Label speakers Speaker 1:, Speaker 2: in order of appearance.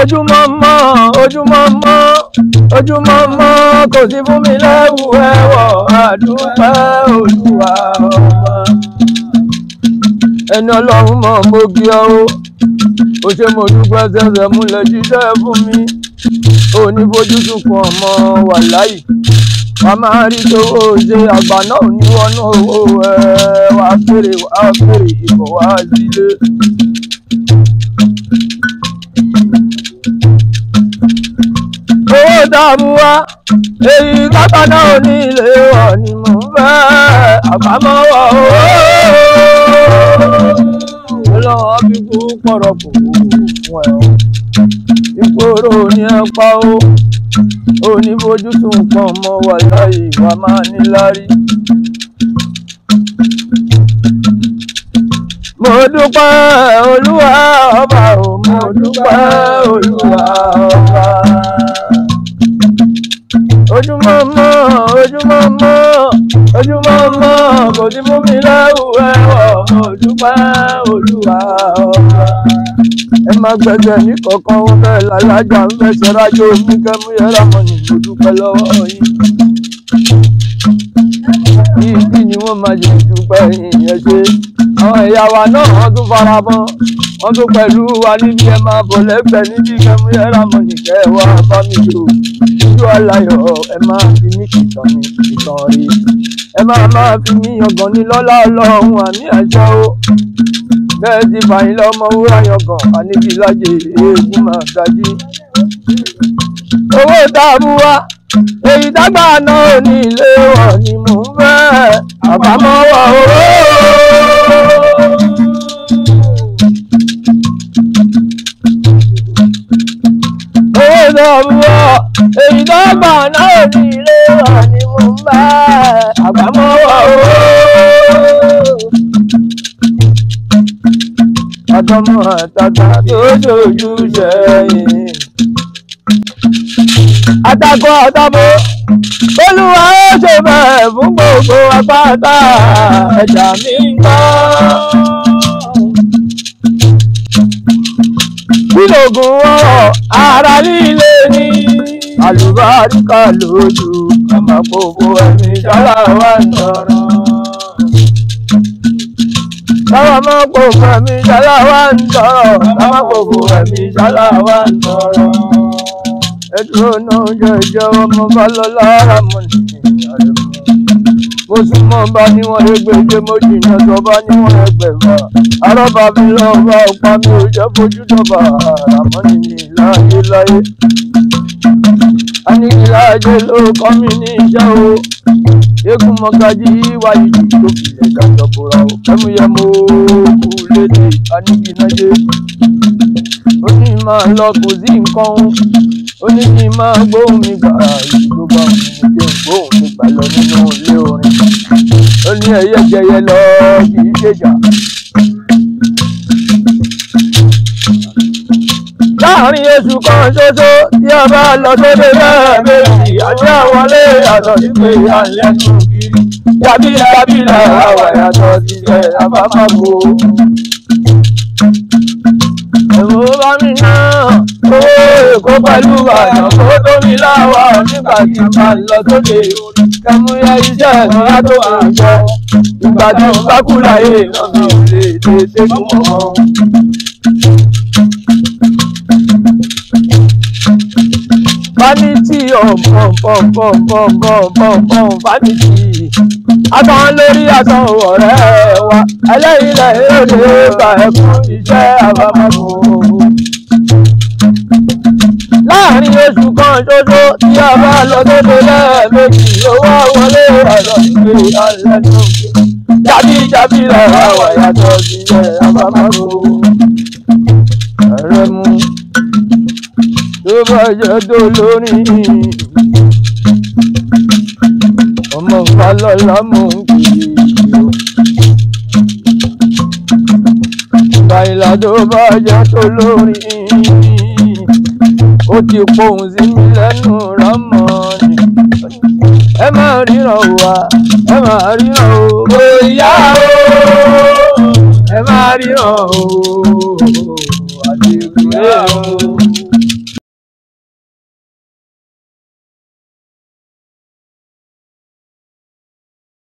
Speaker 1: ojúmọ́ mọ́ ojúmọ́ mọ́ ojúmọ́ mọ́ kò sí fún mi lẹ́wù ẹ̀wọ̀ àdúpẹ́ olúwa ọmọ ẹni ọlọ́run mọ̀ mo gbé ọ o ṣe mo dúpẹ́ ṣẹ̀ṣẹ̀ múlẹ̀ jíṣẹ́ fún mi ò ní fojú sunkún ọmọ wà láyìí wà máa rí tówó ṣe àgbà náà ò ní wọnú owó ẹ wàá fèrè wàá fèrè ìbọ̀ wá sílé. Sápáná onílé wọ̀ ni mò ń fẹ́ àbámọ́wọ́ ooo. Lọ́wọ́ fi kú pọ̀rọ̀ kò fún ẹ̀ o. Ìkóró ni ẹ pa ó. Oníbójú tún pọ̀ wàyà ìwà máa níláárí. mo dúpẹ́ olúwa ọba o mo dúpẹ́ olúwa ọba ojúmọ́mọ́ ojúmọ́mọ́ ojúmọ́mọ́ kò ní mú mi láwùrẹ́ ọ̀ mo dúpẹ́ olúwa ọba ẹ máa gbẹgbẹ ní kọ̀ọ̀kan wọn bẹ́ẹ̀ lálájà ń bẹ́ sọ́rájọ́ omíkẹ́mú yẹra mọ̀ ní mo dúpẹ́ lọ́wọ́ yín kí ni wọ́n máa jẹ́ dúpẹ́ yìnyín ẹ ṣe àwọn ẹ̀yà wa náà tún fara mọ́ wọ́n tó pẹ̀lú wa níbi ẹ máa bọ̀ lẹ́gbẹ̀ẹ́ níbi kẹmú yẹra mọ̀ nìkẹ́ wa bá mi lò ojú aláyọ̀ ẹ máa fi mí kìtàn ní ìtàn rí ẹ máa máa fi mí yangàn ní lọ́lá ọlọ́run àmì àjọ o bẹ́ẹ̀ ti fàyín lọ́mọ wúrà yangàn àníbi lájẹ eégún máa gají owó tá a mú wá èyí dágbà náà ní ilé wọn ni mò ń fẹ́ àbámọ́wọ́ owó. náà mú ọ èyí tó náà ò ní ilé rọ ni mo ń bá àgbámọ́wọ́ o. ọdọmọ àtàtà tó dojú sẹ́yìn. àtàkọ ọdọmọ olúwa ó ṣe bẹ́ẹ̀ fún gbogbo apáta ẹ̀dá mi ń gbọ́. kí lóògùn ọ̀rọ̀ ara líle ni àlùbáríkà lójú kàmàkókò ẹni sára wà nọ̀rọ̀. Sábà máa ń pòfò ẹ̀mí sálá wà ń tọrọ. Sábà pòfò ẹ̀mí sálá wà ń tọrọ. Ẹ̀dúró náà jẹ́ ìjọ ọmọ bá lọ lára mọ̀ nìyí mo sùn mọ́ bá níwọ̀n ẹgbẹ̀je mo ni tó bá níwọ̀n ẹgbẹ̀fà arọ́bà mi lọ bá ọ̀pá mi ò jẹ́ fojú dọ̀bà àmọ́ nìyí láyé láyé. anìkìláyé ló kọ́ mi ní iṣẹ́ o eégún mọ́gájí wáyé yìí tó filẹ̀ gàjọ̀bọ̀ra o kẹ́múyẹ́mú kú lédè anìkìláyé ó ní máa lọ kò sí nǹkan o ó ní kí máa gbóhùn mi gbà ìdúgbò àwọn ènìyàn gbóhùn mi gbà lọ nínú ilé o ní ẹyẹ jẹyẹ lọ kì í ṣèjà. láàrin oṣù kan ṣoṣo tí a bá lọ sóde bẹ́ẹ̀ méjì àti àwọn ilé ìyàtọ̀ nípe àlẹ́kù kiri. yabila yabila àwa ìyàtọ̀ sílẹ̀ àbámàgbò. ẹ̀rọ bá mi náà èkó pẹ̀lú àyàn kó tó mi láwa nígbà tí n bá lọ sókè kẹmúyẹ iṣẹ́ ìrora tó wà jọ ìgbà tí n bá kú láyé lọ́nà ò lè tètè fún ọ. vanity ọ̀pọ̀pọ̀pọ̀pọ̀pọ̀pọ̀ oh, oh, oh, vanity àtàn lórí àtàn ọ̀rẹ́ wa ẹlẹ́yìn lẹ́yìn òde bá ẹkún iṣẹ́ àbámọ́ láàrin oṣù kan ṣoṣo tí a bá lọ sódò lẹ́ẹ̀mejì owó wọlé ọ̀rọ̀ ìgbé alẹ́ ní òkè jábí jábí lára wà yàtọ̀ sílẹ̀ abámárò ẹ̀rẹ́ mu tó bá jẹ́ tó lórí ọmọ nǹkan lọ́la mò ń kiri ìbàyìlà tó bá jẹ́ tó lórí ó ti pohùn sí mi lẹ́nu rọ́mọ ni. ẹ máa ríran o wa ẹ máa ríran o. bóyá o ẹ máa ríran o. àti ìgbéyàwó.